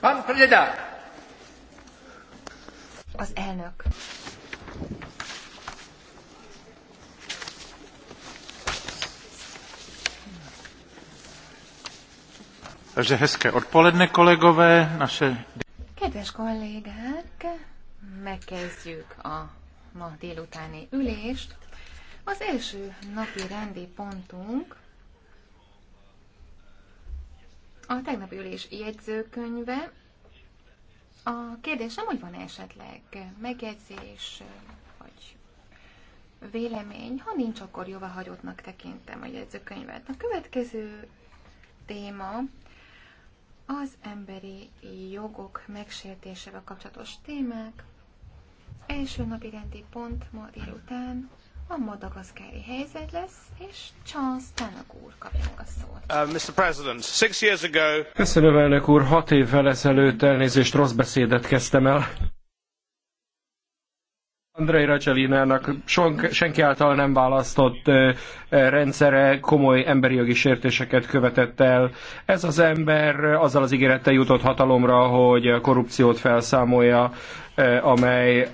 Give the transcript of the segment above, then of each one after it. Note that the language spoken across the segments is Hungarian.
Pan Az elnök. Takže hezké odpoledne, kolegové, naše... Kedves kollégák, megkezdjük a ma délutáni ülést. Az első napi rendi pontunk A tegnapi ülés jegyzőkönyve. A kérdésem, hogy van -e esetleg megjegyzés vagy vélemény. Ha nincs, akkor hagyottnak tekintem a jegyzőkönyvet. A következő téma az emberi jogok megsértésével kapcsolatos témák. Első napi rendi pont ma délután a madagaszkári helyzet lesz, és Charles Tannock úr kapja meg a szót. Uh, Mr. President, six years ago... Köszönöm, elnök úr, hat évvel ezelőtt elnézést, rossz beszédet kezdtem el. Andrei Rajcsalinának senki által nem választott rendszere komoly emberi jogi sértéseket követett el. Ez az ember azzal az ígérettel jutott hatalomra, hogy a korrupciót felszámolja, amely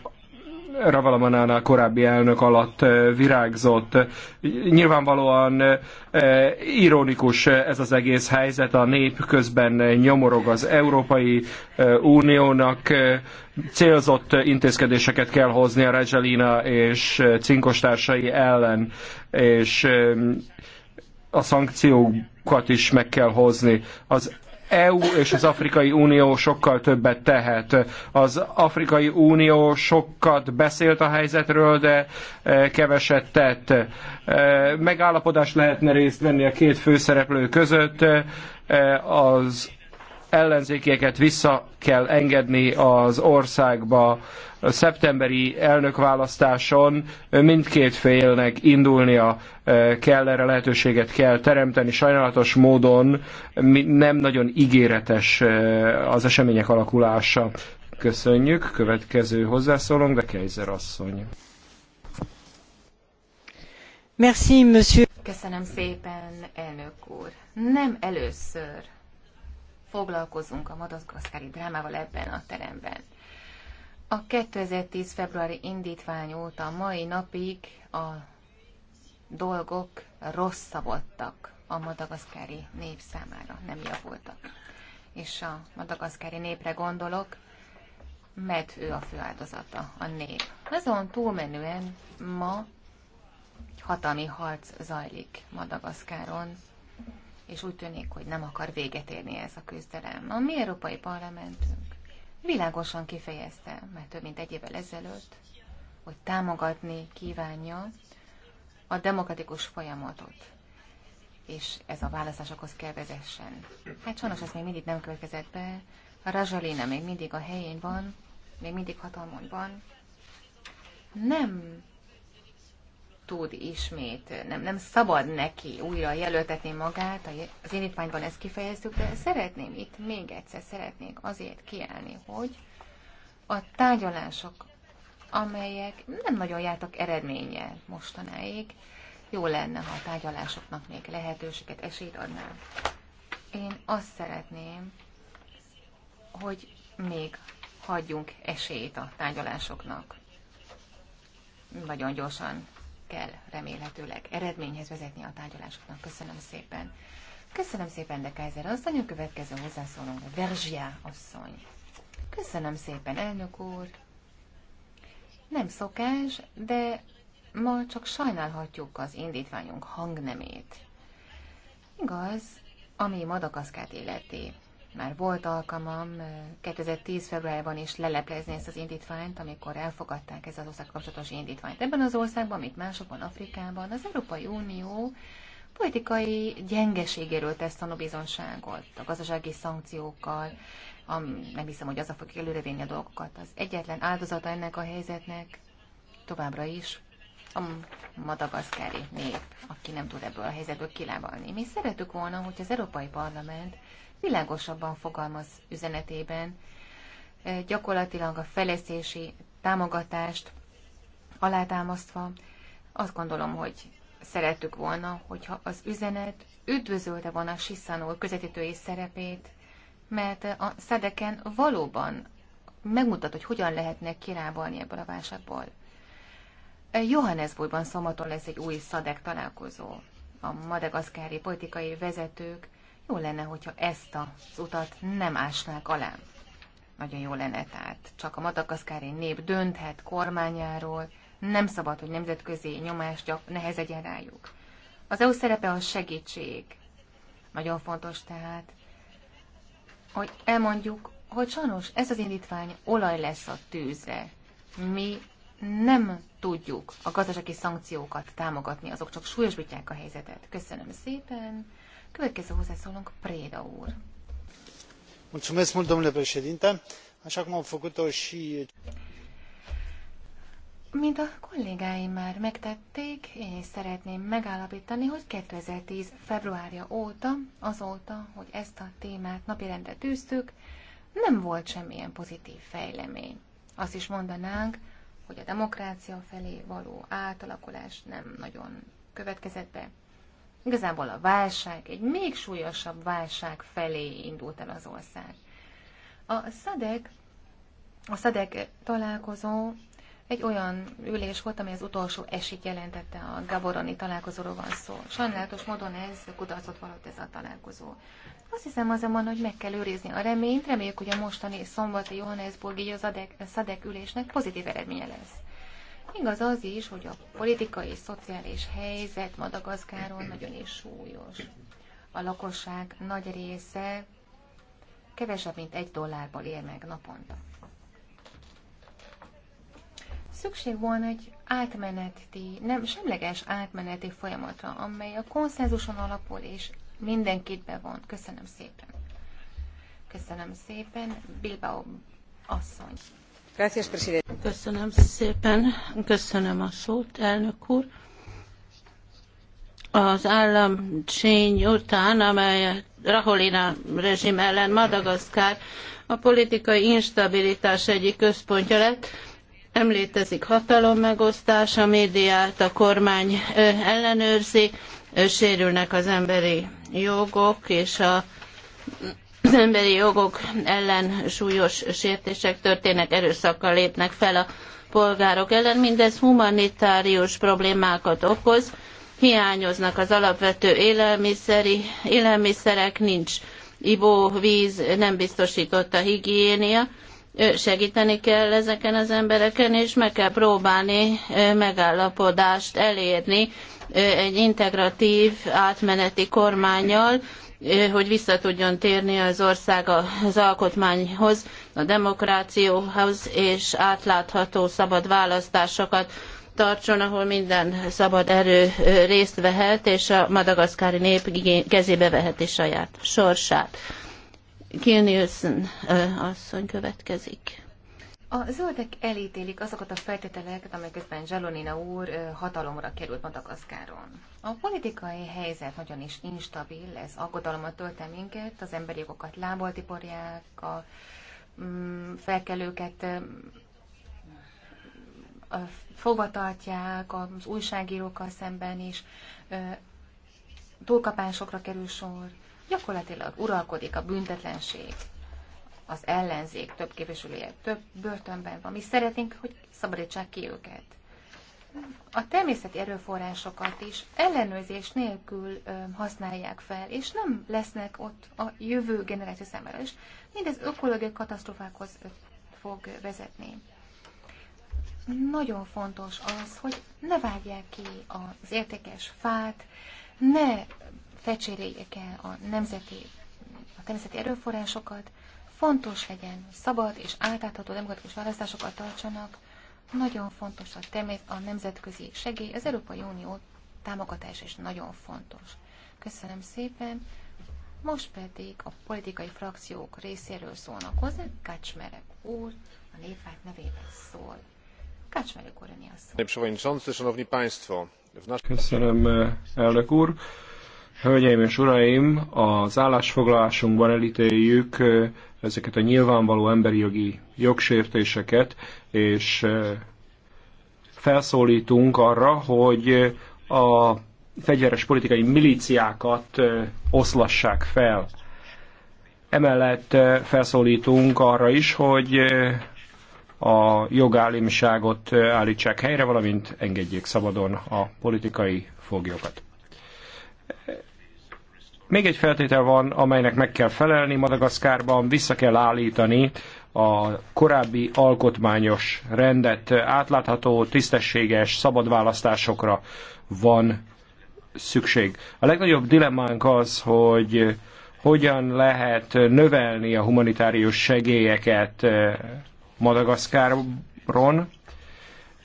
Ravalamanánál korábbi elnök alatt eh, virágzott. Nyilvánvalóan eh, ironikus ez az egész helyzet, a nép közben nyomorog az Európai eh, Uniónak, célzott intézkedéseket kell hozni a Regelina és cinkostársai ellen, és a szankciókat is meg kell hozni. Az EU és az Afrikai Unió sokkal többet tehet. Az Afrikai Unió sokat beszélt a helyzetről, de e, keveset tett. E, Megállapodás lehetne részt venni a két főszereplő között. E, az ellenzékieket vissza kell engedni az országba. A szeptemberi elnökválasztáson mindkét félnek indulnia e, kell, erre lehetőséget kell teremteni. Sajnálatos módon nem nagyon ígéretes e, az események alakulása. Köszönjük. Következő hozzászólónk, de Kejzer asszony. Merci, monsieur. Köszönöm szépen, elnök úr. Nem először foglalkozunk a madagaszkári drámával ebben a teremben. A 2010. februári indítvány óta mai napig a dolgok rosszabbodtak a madagaszkári nép számára, nem javultak. És a madagaszkári népre gondolok, mert ő a fő áldozata, a nép. Azon túlmenően ma hatalmi harc zajlik Madagaszkáron és úgy tűnik, hogy nem akar véget érni ez a küzdelem. A mi Európai Parlamentünk világosan kifejezte, mert több mint egy évvel ezelőtt, hogy támogatni kívánja a demokratikus folyamatot, és ez a választásokhoz kell vezessen. Hát sajnos ez még mindig nem következett be, a Razsalina még mindig a helyén van, még mindig hatalmon van. Nem tud ismét, nem, nem szabad neki újra jelöltetni magát, az indítványban ezt kifejeztük, de szeretném itt még egyszer szeretnék azért kiállni, hogy a tárgyalások, amelyek nem nagyon jártak eredménye mostanáig, jó lenne, ha a tárgyalásoknak még lehetőséget, esélyt adnám. Én azt szeretném, hogy még hagyjunk esélyt a tárgyalásoknak. Nagyon gyorsan kell remélhetőleg eredményhez vezetni a tárgyalásoknak. Köszönöm szépen. Köszönöm szépen, de Kaiser asszony, a következő hozzászólónk, Verzsia asszony. Köszönöm szépen, elnök úr. Nem szokás, de ma csak sajnálhatjuk az indítványunk hangnemét. Igaz, ami Madagaszkát illeti már volt alkalmam 2010. februárban is leleplezni ezt az indítványt, amikor elfogadták ez az ország kapcsolatos indítványt. Ebben az országban, mint másokban, Afrikában, az Európai Unió politikai gyengeségéről tesz tanúbizonságot, a gazdasági szankciókkal, ami nem hiszem, hogy az a fog előrevinni a dolgokat. Az egyetlen áldozata ennek a helyzetnek továbbra is a madagaszkári nép, aki nem tud ebből a helyzetből kilábalni. Mi szeretük volna, hogy az Európai Parlament világosabban fogalmaz üzenetében, e, gyakorlatilag a fejlesztési támogatást alátámasztva, azt gondolom, hogy szerettük volna, hogyha az üzenet üdvözölte volna a Sissan közvetítői szerepét, mert a szedeken valóban megmutat, hogy hogyan lehetne kirábalni ebből a válságból. Johannesburgban szombaton lesz egy új szadek találkozó. A madagaszkári politikai vezetők jó lenne, hogyha ezt az utat nem ásnák alá. Nagyon jó lenne, tehát csak a madagaszkári nép dönthet kormányáról, nem szabad, hogy nemzetközi nyomást nehezegyen rájuk. Az EU szerepe a segítség. Nagyon fontos tehát, hogy elmondjuk, hogy sajnos ez az indítvány olaj lesz a tűzre. Mi nem tudjuk a gazdasági szankciókat támogatni, azok csak súlyosbítják a helyzetet. Köszönöm szépen. Következő hozzászólunk Préda úr. Mulțumesc mult, domnule președinte. Așa cum am făcut-o și... Mint a kollégáim már megtették, én is szeretném megállapítani, hogy 2010. februárja óta, azóta, hogy ezt a témát napirendre tűztük, nem volt semmilyen pozitív fejlemény. Azt is mondanánk, hogy a demokrácia felé való átalakulás nem nagyon következett be. Igazából a válság, egy még súlyosabb válság felé indult el az ország. A SZADEK, a SZADEK találkozó egy olyan ülés volt, ami az utolsó esik jelentette a Gaboroni találkozóról van szó. Sajnálatos módon ez kudarcot vallott ez a találkozó. Azt hiszem azonban, hogy meg kell őrizni a reményt, reméljük, hogy a mostani szombati Johannesburgi Zadek, Szadek ülésnek pozitív eredménye lesz. Igaz az is, hogy a politikai és szociális helyzet Madagaszkáron nagyon is súlyos. A lakosság nagy része kevesebb, mint egy dollárból él meg naponta. Szükség volna egy átmeneti, nem semleges átmeneti folyamatra, amely a konszenzuson alapul és Mindenkit bevon. Köszönöm szépen. Köszönöm szépen. Bilbao asszony. Köszönöm szépen, köszönöm a szót, elnök úr. Az csény után, amelyet Raholina rezsim ellen Madagaszkár a politikai instabilitás egyik központja lett, említezik hatalommegosztás, a médiát a kormány ellenőrzi, sérülnek az emberi jogok és a az emberi jogok ellen súlyos sértések történnek, erőszakkal lépnek fel a polgárok ellen. Mindez humanitárius problémákat okoz, hiányoznak az alapvető élelmiszeri, élelmiszerek, nincs ivóvíz, nem biztosított a higiénia, segíteni kell ezeken az embereken, és meg kell próbálni megállapodást elérni egy integratív átmeneti kormányjal, hogy vissza tudjon térni az ország az alkotmányhoz, a demokrációhoz, és átlátható szabad választásokat tartson, ahol minden szabad erő részt vehet, és a madagaszkári nép kezébe veheti saját sorsát. Kill Nielsen asszony következik. A zöldek elítélik azokat a feltételeket, amelyekben Zsalonina úr hatalomra került Madagaszkáron. A politikai helyzet nagyon is instabil, ez aggodalommal tölte minket, az emberi jogokat lábaltiporják, a mm, felkelőket fogvatartják, az újságírókkal szemben is túlkapásokra kerül sor gyakorlatilag uralkodik a büntetlenség, az ellenzék több képviselője több börtönben van. Mi szeretnénk, hogy szabadítsák ki őket. A természeti erőforrásokat is ellenőrzés nélkül használják fel, és nem lesznek ott a jövő generáció számára is. Mindez ökológiai katasztrofákhoz fog vezetni. Nagyon fontos az, hogy ne vágják ki az értékes fát, ne fecséréljék el a nemzeti, a természeti erőforrásokat, fontos legyen, szabad és átlátható demokratikus választásokat tartsanak, nagyon fontos a, természet, a nemzetközi segély, az Európai Unió támogatása is nagyon fontos. Köszönöm szépen. Most pedig a politikai frakciók részéről szólnak hozzá, Kacsmerek úr a névvált nevében szól. Kacsmerek úr, a szó. Köszönöm, elnök úr. Hölgyeim és uraim, az állásfoglalásunkban elítéljük ezeket a nyilvánvaló emberi jogi jogsértéseket, és felszólítunk arra, hogy a fegyveres politikai milíciákat oszlassák fel. Emellett felszólítunk arra is, hogy a jogállamiságot állítsák helyre, valamint engedjék szabadon a politikai foglyokat. Még egy feltétel van, amelynek meg kell felelni Madagaszkárban, vissza kell állítani a korábbi alkotmányos rendet átlátható, tisztességes, szabad választásokra van szükség. A legnagyobb dilemmánk az, hogy hogyan lehet növelni a humanitárius segélyeket Madagaszkáron,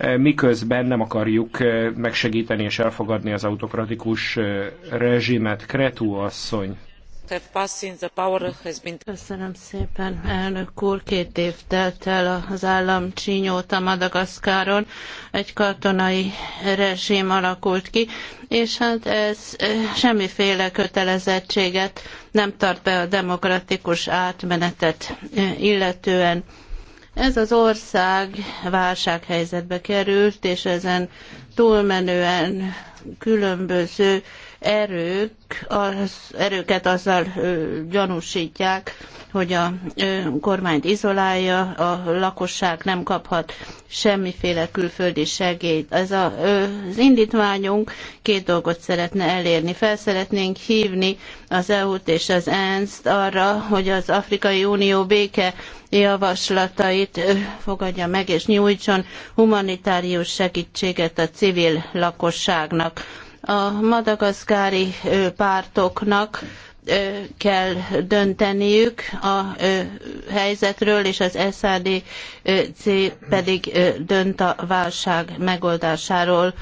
Eh, miközben nem akarjuk eh, megsegíteni és elfogadni az autokratikus eh, rezsimet. Kretu asszony. Köszönöm szépen, elnök úr. Két év telt el az állam csinyóta Madagaszkáron. Egy katonai rezsim alakult ki, és hát ez semmiféle kötelezettséget nem tart be a demokratikus átmenetet illetően ez az ország válsághelyzetbe került, és ezen túlmenően különböző erők, az erőket azzal gyanúsítják, hogy a kormányt izolálja, a lakosság nem kaphat semmiféle külföldi segélyt. Ez a, az indítványunk két dolgot szeretne elérni. Fel szeretnénk hívni az EU-t és az ENSZ-t arra, hogy az Afrikai Unió béke javaslatait fogadja meg és nyújtson humanitárius segítséget a civil lakosságnak a madagaszkári pártoknak kell dönteniük a helyzetről, és az SADC pedig dönt a válság megoldásáról.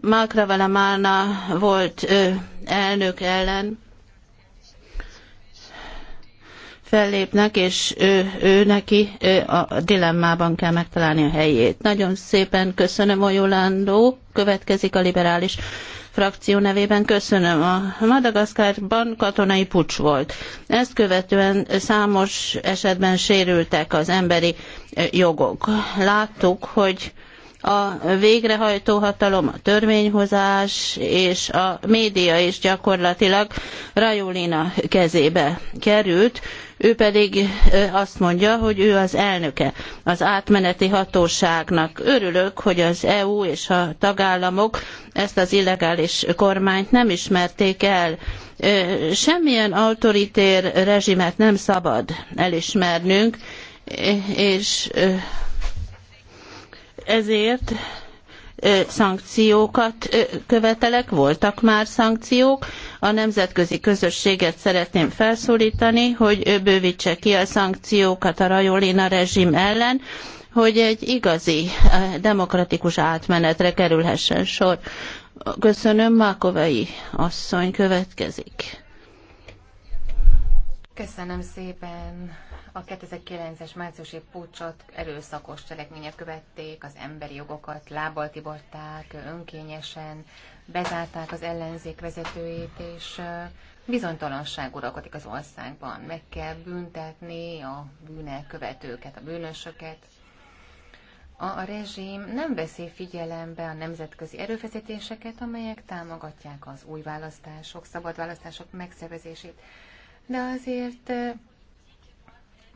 Makravala Márna volt elnök ellen fellépnek, és ő, ő neki a dilemmában kell megtalálni a helyét. Nagyon szépen köszönöm, Ojolandó. Következik a liberális frakció nevében köszönöm. A Madagaszkárban katonai pucs volt. Ezt követően számos esetben sérültek az emberi jogok. Láttuk, hogy a végrehajtó hatalom, a törvényhozás és a média is gyakorlatilag Rajulina kezébe került. Ő pedig azt mondja, hogy ő az elnöke az átmeneti hatóságnak. Örülök, hogy az EU és a tagállamok ezt az illegális kormányt nem ismerték el. Semmilyen autoritér rezsimet nem szabad elismernünk, és ezért szankciókat követelek, voltak már szankciók. A nemzetközi közösséget szeretném felszólítani, hogy bővítse ki a szankciókat a Rajolina rezsim ellen, hogy egy igazi demokratikus átmenetre kerülhessen sor. Köszönöm, mákovai, asszony következik. Köszönöm szépen. A 2009-es márciusi pucsot erőszakos cselekmények követték, az emberi jogokat lábbal tiborták, önkényesen bezárták az ellenzék vezetőjét, és bizonytalanság uralkodik az országban. Meg kell büntetni a követőket, a bűnösöket. A, a rezsim nem veszi figyelembe a nemzetközi erőfeszítéseket, amelyek támogatják az új választások, szabad választások megszervezését. De azért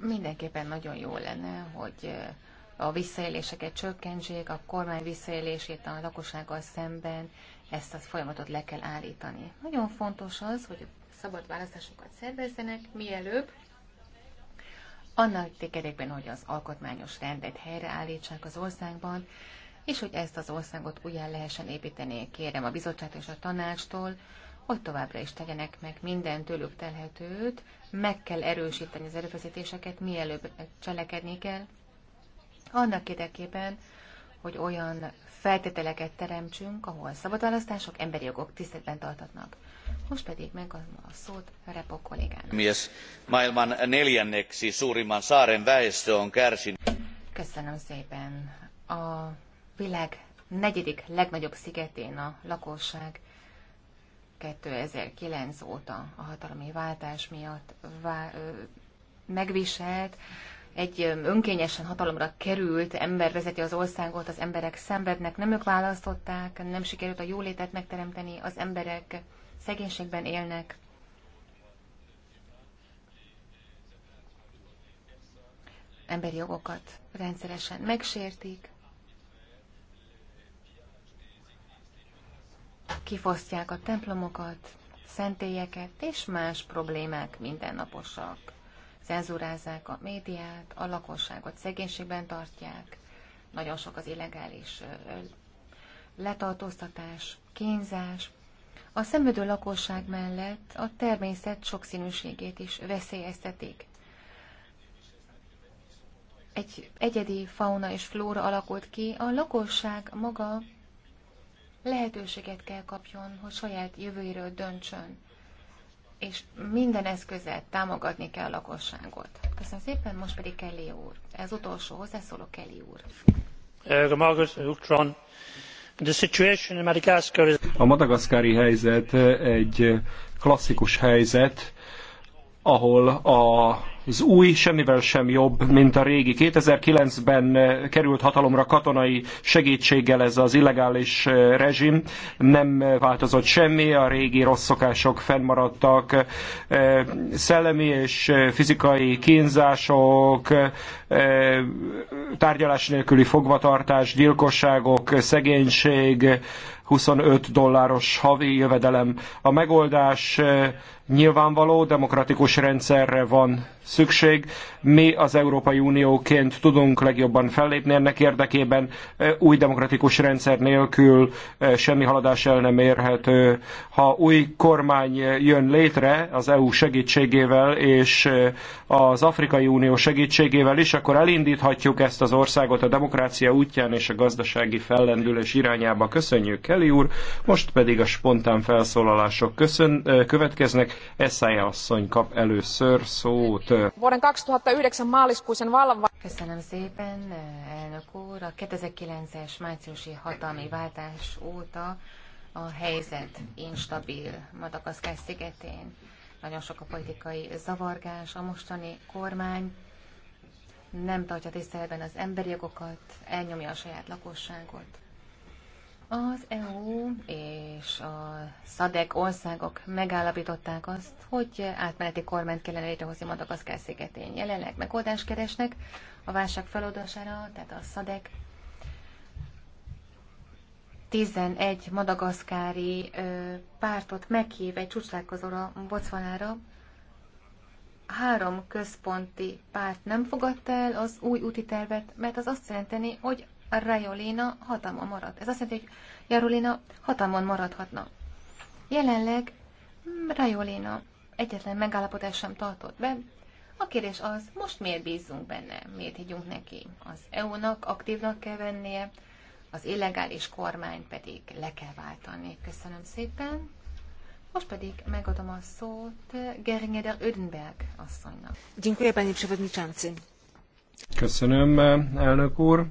Mindenképpen nagyon jó lenne, hogy eh, a visszaéléseket csökkentsék, a kormány visszaélését a lakossággal szemben, ezt a folyamatot le kell állítani. Nagyon fontos az, hogy szabad választásokat szervezzenek mielőbb, annak tekerekben, hogy az alkotmányos rendet helyreállítsák az országban, és hogy ezt az országot ugyan lehessen építeni, kérem a bizottságot és a tanácstól, hogy továbbra is tegyenek meg minden tőlük telhetőt, meg kell erősíteni az erőfeszítéseket, mielőbb cselekedni kell, annak érdekében, hogy olyan feltételeket teremtsünk, ahol szabad választások, emberi jogok tiszteletben tartatnak. Most pedig megadom a szót Repo kollégának. Mies, maailman neljänneksi suurimman saaren väestö on kärsinyt. Köszönöm szépen. A világ negyedik legnagyobb szigetén a lakosság 2009 óta a hatalmi váltás miatt vá- megviselt, egy önkényesen hatalomra került ember vezeti az országot, az emberek szenvednek, nem ők választották, nem sikerült a jólétet megteremteni, az emberek szegénységben élnek. Emberi jogokat rendszeresen megsértik, kifosztják a templomokat, szentélyeket és más problémák mindennaposak. Cenzúrázzák a médiát, a lakosságot szegénységben tartják, nagyon sok az illegális letartóztatás, kínzás. A szemüdő lakosság mellett a természet sokszínűségét is veszélyeztetik. Egy egyedi fauna és flóra alakult ki, a lakosság maga lehetőséget kell kapjon, hogy saját jövőjéről döntsön, és minden eszközzel támogatni kell a lakosságot. Köszönöm szépen, most pedig Kelly úr. Ez utolsó hozzászóló Kelly úr. Eh, a madagaszkári helyzet egy klasszikus helyzet, ahol a az új semmivel sem jobb, mint a régi. 2009-ben eh, került hatalomra katonai segítséggel ez az illegális eh, rezsim, nem eh, változott semmi, a régi rossz szokások fennmaradtak, szellemi és fizikai kínzások, tárgyalás nélküli fogvatartás, gyilkosságok, szegénység, 25 dolláros havi jövedelem. A megoldás eh, nyilvánvaló, demokratikus rendszerre van szükség. Mi az Európai Unióként tudunk legjobban fellépni ennek érdekében. Eh, új demokratikus rendszer nélkül eh, semmi haladás el nem érhető. Ha új kormány jön létre az EU segítségével és az Afrikai Unió segítségével is, akkor elindíthatjuk ezt az országot a demokrácia útján és a gazdasági fellendülés irányába. Köszönjük el! Kelly úr, most pedig a spontán felszólalások köszön, következnek. Eszája asszony kap először szót. Vuoden 2009 máliskuisen valva... Köszönöm szépen, elnök úr. A 2009-es márciusi hatalmi váltás óta a helyzet instabil Madagaszkár szigetén. Nagyon sok a politikai zavargás, a mostani kormány nem tartja tiszteletben az emberi jogokat, elnyomja a saját lakosságot. Az EU és a SZADEK országok megállapították azt, hogy átmeneti kormányt kellene létrehozni Madagaszkár szigetén. Jelenleg megoldást keresnek a válság feloldására, tehát a SZADEK 11 madagaszkári pártot meghív egy csúcslálkozóra Bocvanára. Három központi párt nem fogadta el az új úti tervet, mert az azt jelenteni, hogy Rajolina hatalma marad. Ez azt jelenti, hogy Jarolina hatalmon maradhatna. Jelenleg Rajolina egyetlen megállapodás sem tartott be. A kérdés az, most miért bízzunk benne, miért higgyünk neki? Az EU-nak aktívnak kell vennie, az illegális kormány pedig le kell váltani. Köszönöm szépen. Most pedig megadom a szót Geringeder Ödenberg asszonynak. Dziękuję, panie przewodniczący. Köszönöm, elnök úr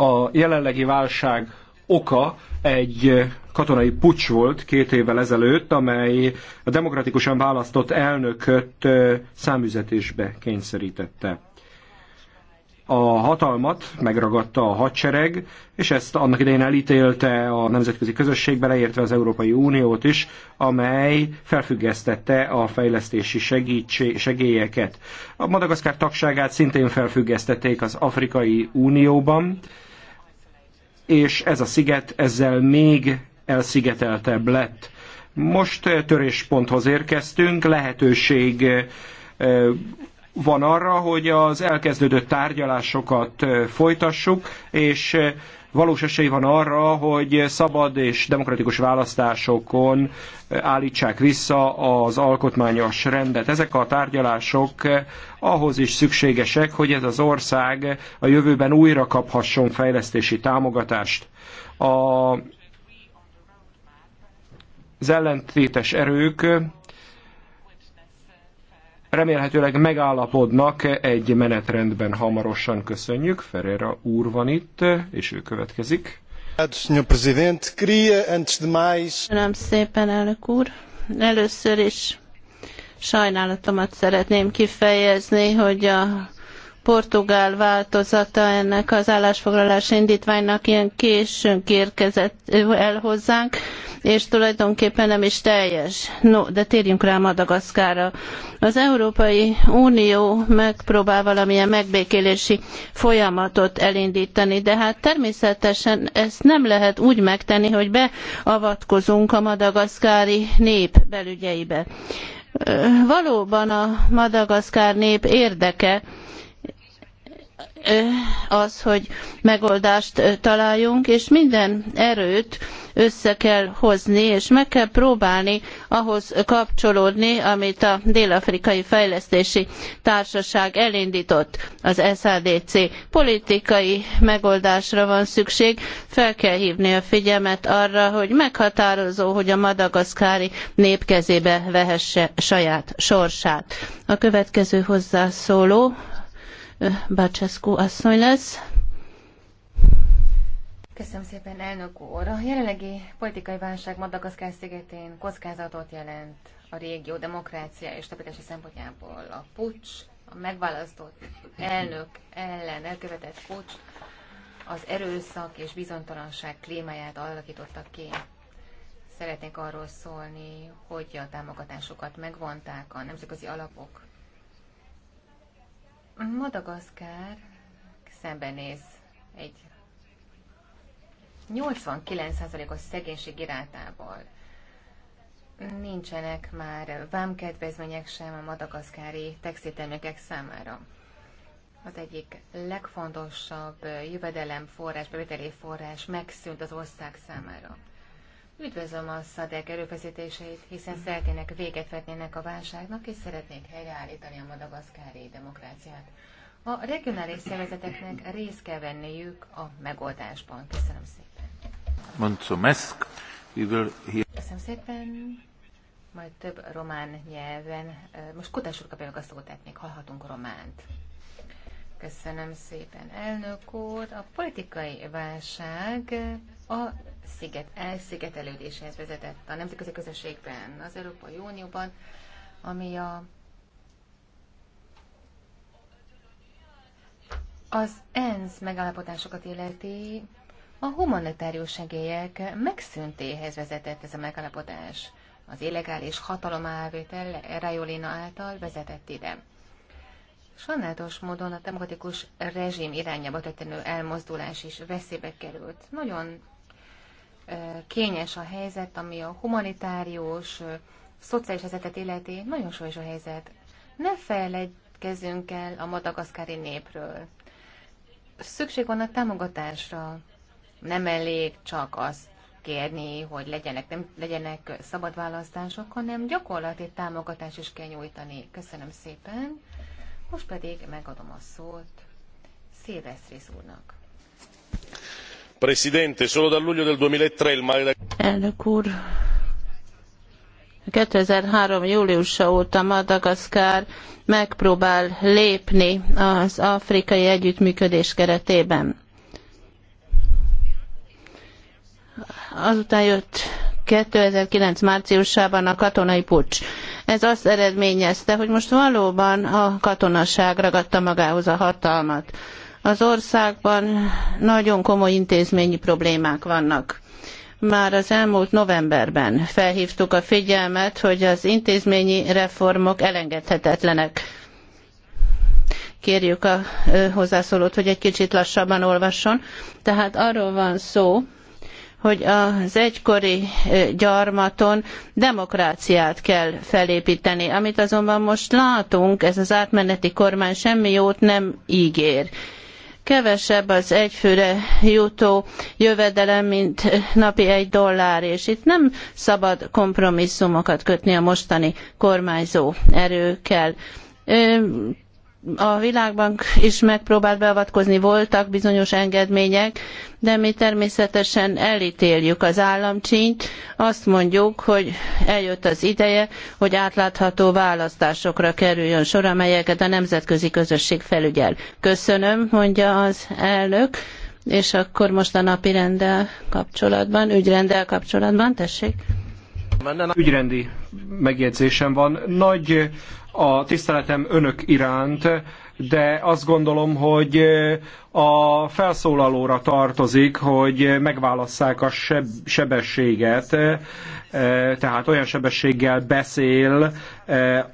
a jelenlegi válság oka egy katonai pucs volt két évvel ezelőtt, amely a demokratikusan választott elnököt száműzetésbe kényszerítette. A hatalmat megragadta a hadsereg, és ezt annak idején elítélte a nemzetközi közösségbe leértve az Európai Uniót is, amely felfüggesztette a fejlesztési segélyeket. A Madagaszkár tagságát szintén felfüggesztették az Afrikai Unióban, és ez a sziget ezzel még elszigeteltebb lett. Most eh, törésponthoz érkeztünk, lehetőség eh, van arra, hogy az elkezdődött tárgyalásokat eh, folytassuk, és valós esély van arra, hogy szabad és demokratikus választásokon állítsák vissza az alkotmányos rendet. Ezek a tárgyalások ahhoz is szükségesek, hogy ez az ország a jövőben újra kaphasson fejlesztési támogatást. A az ellentétes erők remélhetőleg megállapodnak egy menetrendben hamarosan. Köszönjük. Ferreira úr van itt, és ő következik. Köszönöm szépen, elnök úr. Először is sajnálatomat szeretném kifejezni, hogy a portugál változata ennek az állásfoglalás indítványnak ilyen későn érkezett el hozzánk, és tulajdonképpen nem is teljes. No, de térjünk rá Madagaszkára. Az Európai Unió megpróbál valamilyen megbékélési folyamatot elindítani, de hát természetesen ezt nem lehet úgy megtenni, hogy beavatkozunk a madagaszkári nép belügyeibe. Valóban a madagaszkár nép érdeke, az, hogy megoldást találjunk, és minden erőt össze kell hozni, és meg kell próbálni ahhoz kapcsolódni, amit a Dél-Afrikai Fejlesztési Társaság elindított, az SADC. Politikai megoldásra van szükség, fel kell hívni a figyelmet arra, hogy meghatározó, hogy a madagaszkári nép kezébe vehesse saját sorsát. A következő hozzászóló Bácseszkó asszony lesz. Köszönöm szépen, elnök úr. A jelenlegi politikai válság Madagaszkár szigetén kockázatot jelent a régió demokrácia és stabilitási szempontjából. A pucs, a megválasztott elnök ellen elkövetett pucs az erőszak és bizonytalanság klímáját alakította ki. Szeretnék arról szólni, hogy a támogatásokat megvonták a nemzetközi alapok Madagaszkár szembenéz egy 89%-os szegénység irátával. Nincsenek már vámkedvezmények sem a madagaszkári textiltermékek számára. Az egyik legfontosabb jövedelem forrás, bevételi forrás megszűnt az ország számára. Üdvözlöm a szadek erőfeszítéseit, hiszen szeretnének véget ennek a válságnak, és szeretnék helyreállítani a madagaszkári demokráciát. A regionális szervezeteknek részt kell venniük a megoldásban. Köszönöm szépen. Köszönöm szépen. Majd több román nyelven. Eh, most kutassuk a szót, tehát még hallhatunk románt. Köszönöm szépen, elnök úr. A politikai válság a sziget elszigetelődéséhez vezetett a nemzetközi közösségben, az Európai Unióban, ami a az ENSZ megállapodásokat illeti, a humanitárius segélyek megszüntéhez vezetett ez a megállapodás. Az illegális hatalomávétel Rajolina által vezetett ide. Sajnálatos módon a demokratikus rezsim irányába történő elmozdulás is veszélybe került. Nagyon kényes a helyzet, ami a humanitárius, szociális helyzetet illeti, nagyon súlyos a helyzet. Ne felejtkezzünk el a madagaszkári népről. Szükség van a támogatásra. Nem elég csak azt kérni, hogy legyenek, nem legyenek szabad választások, hanem gyakorlati támogatást is kell nyújtani. Köszönöm szépen. Most pedig megadom a szót Szilvesztris úrnak. Presidente, solo dal luglio del 2003 e il male... Elnök úr, 2003. júliusa óta Madagaszkár megpróbál lépni az afrikai együttműködés keretében. Azután jött 2009. márciusában a katonai pucs ez azt eredményezte, hogy most valóban a katonaság ragadta magához a hatalmat. Az országban nagyon komoly intézményi problémák vannak. Már az elmúlt novemberben felhívtuk a figyelmet, hogy az intézményi reformok elengedhetetlenek. Kérjük a hozzászólót, hogy egy kicsit lassabban olvasson. Tehát arról van szó, hogy az egykori gyarmaton demokráciát kell felépíteni. Amit azonban most látunk, ez az átmeneti kormány semmi jót nem ígér kevesebb az egyfőre jutó jövedelem, mint napi egy dollár, és itt nem szabad kompromisszumokat kötni a mostani kormányzó erőkkel a világbank is megpróbált beavatkozni, voltak bizonyos engedmények, de mi természetesen elítéljük az államcsínyt, azt mondjuk, hogy eljött az ideje, hogy átlátható választásokra kerüljön sor, amelyeket a nemzetközi közösség felügyel. Köszönöm, mondja az elnök, és akkor most a napi rendel kapcsolatban, ügyrendel kapcsolatban, tessék. Ügyrendi megjegyzésem van. Nagy a tiszteletem önök iránt, de azt gondolom, hogy a felszólalóra tartozik, hogy megválasszák a sebességet, e, tehát olyan sebességgel beszél, e,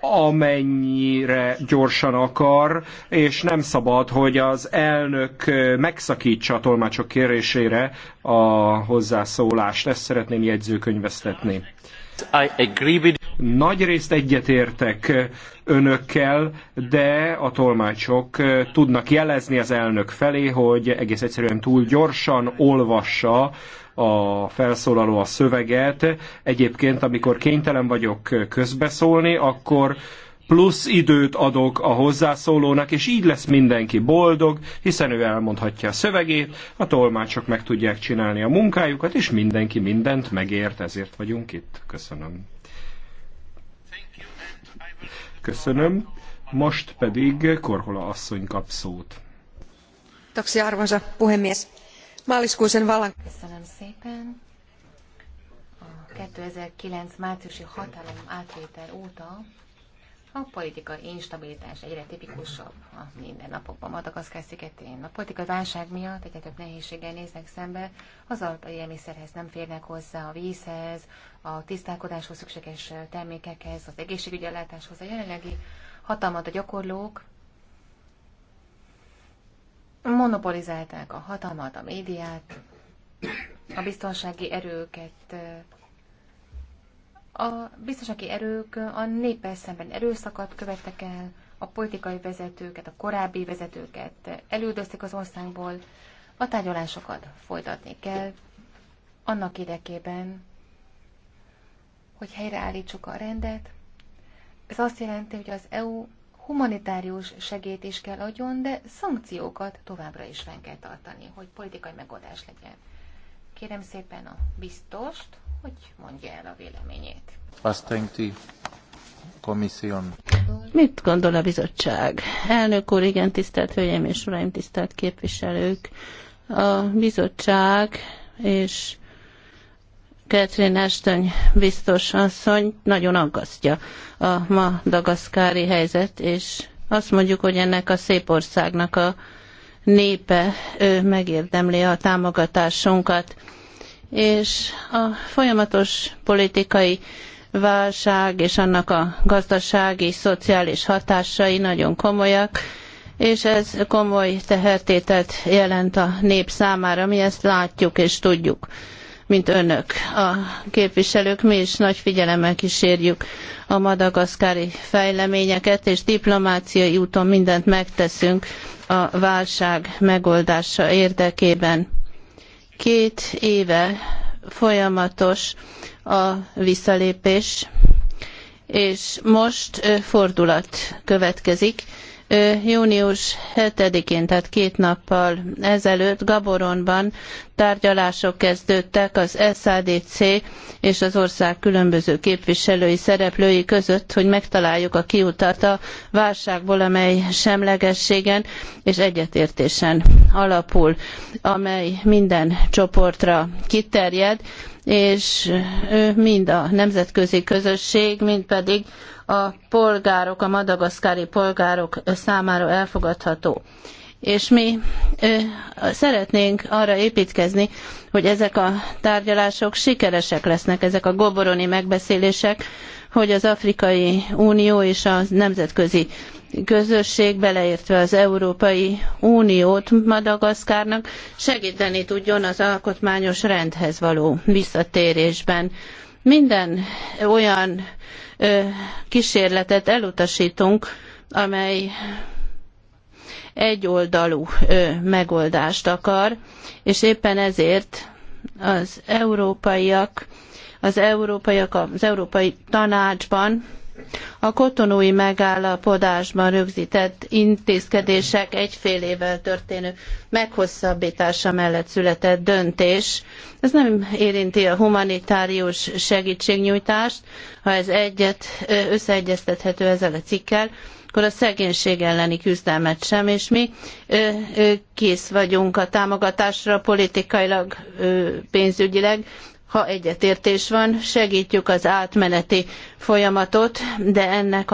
amennyire gyorsan akar, és nem szabad, hogy az elnök megszakítsa a tolmácsok kérésére a hozzászólást. Ezt szeretném jegyzőkönyvesztetni. Nagy részt egyetértek önökkel, de a tolmácsok tudnak jelezni az elnök felé, hogy egész egyszerűen túl gyorsan olvassa a felszólaló a szöveget. Egyébként, amikor kénytelen vagyok közbeszólni, akkor plusz időt adok a hozzászólónak, és így lesz mindenki boldog, hiszen ő elmondhatja a szövegét, a tolmácsok meg tudják csinálni a munkájukat, és mindenki mindent megért, ezért vagyunk itt. Köszönöm. Köszönöm. Most pedig Korhola asszony kap szót. Taxi arvoisa puhemies. Maaliskuisen vallan... Köszönöm szépen. A 2009. márciusi hatalom átvétel óta a politika instabilitás egyre tipikusabb a mindennapokban Madagaszkár szigetén. A politikai válság miatt egyre több nehézséggel néznek szembe, az alapélelmiszerhez nem férnek hozzá, a vízhez, a tisztálkodáshoz szükséges termékekhez, az egészségügyi ellátáshoz. A jelenlegi hatalmat a gyakorlók monopolizálták a hatalmat, a médiát, a biztonsági erőket a biztonsági erők a népel szemben erőszakot követtek el, a politikai vezetőket, a korábbi vezetőket elüldözték az országból, a tárgyalásokat folytatni kell, annak érdekében, hogy helyreállítsuk a rendet. Ez azt jelenti, hogy az EU humanitárius segét is kell adjon, de szankciókat továbbra is fenn kell tartani, hogy politikai megoldás legyen. Kérem szépen a biztost, hogy mondja el a véleményét. Azt Mit gondol a bizottság? Elnök úr, igen, tisztelt Hölgyeim és Uraim, tisztelt képviselők. A bizottság és Catherine Ashton biztos asszony nagyon aggasztja a ma dagaszkári helyzet, és azt mondjuk, hogy ennek a szép országnak a népe megérdemli a támogatásunkat. És a folyamatos politikai válság és annak a gazdasági, szociális hatásai nagyon komolyak, és ez komoly tehertételt jelent a nép számára, mi ezt látjuk és tudjuk mint önök, a képviselők, mi is nagy figyelemmel kísérjük a madagaszkári fejleményeket, és diplomáciai úton mindent megteszünk a válság megoldása érdekében. Két éve folyamatos a visszalépés, és most fordulat következik Június 7-én, tehát két nappal ezelőtt Gaboronban tárgyalások kezdődtek az SADC és az ország különböző képviselői szereplői között, hogy megtaláljuk a kiutat a válságból, amely semlegességen és egyetértésen alapul, amely minden csoportra kiterjed, és mind a nemzetközi közösség, mind pedig a polgárok, a madagaszkári polgárok számára elfogadható. És mi ö, szeretnénk arra építkezni, hogy ezek a tárgyalások sikeresek lesznek, ezek a goboroni megbeszélések, hogy az Afrikai Unió és a nemzetközi közösség, beleértve az Európai Uniót Madagaszkárnak segíteni tudjon az alkotmányos rendhez való visszatérésben. Minden olyan kísérletet elutasítunk, amely egyoldalú megoldást akar, és éppen ezért az európaiak, az európaiak az Európai Tanácsban a kotonói megállapodásban rögzített intézkedések egy fél évvel történő meghosszabbítása mellett született döntés. Ez nem érinti a humanitárius segítségnyújtást, ha ez egyet összeegyeztethető ezzel a cikkel, akkor a szegénység elleni küzdelmet sem, és mi kész vagyunk a támogatásra politikailag, pénzügyileg, ha egyetértés van, segítjük az átmeneti folyamatot, de ennek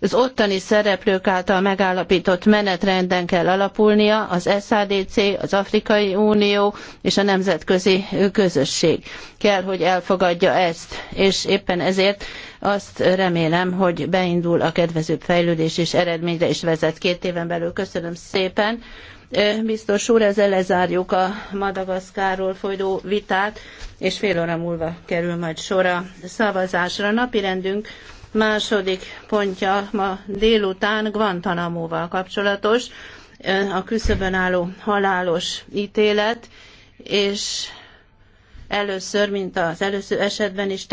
az ottani szereplők által megállapított menetrenden kell alapulnia az SADC, az Afrikai Unió és a nemzetközi közösség. Kell, hogy elfogadja ezt, és éppen ezért azt remélem, hogy beindul a kedvezőbb fejlődés és eredményre is vezet két éven belül. Köszönöm szépen! Biztos úr, ezzel lezárjuk a Madagaszkáról folyó vitát, és fél óra múlva kerül majd sor a szavazásra. Napirendünk második pontja ma délután Guantanamo-val kapcsolatos, a küszöbön álló halálos ítélet, és először, mint az előző esetben is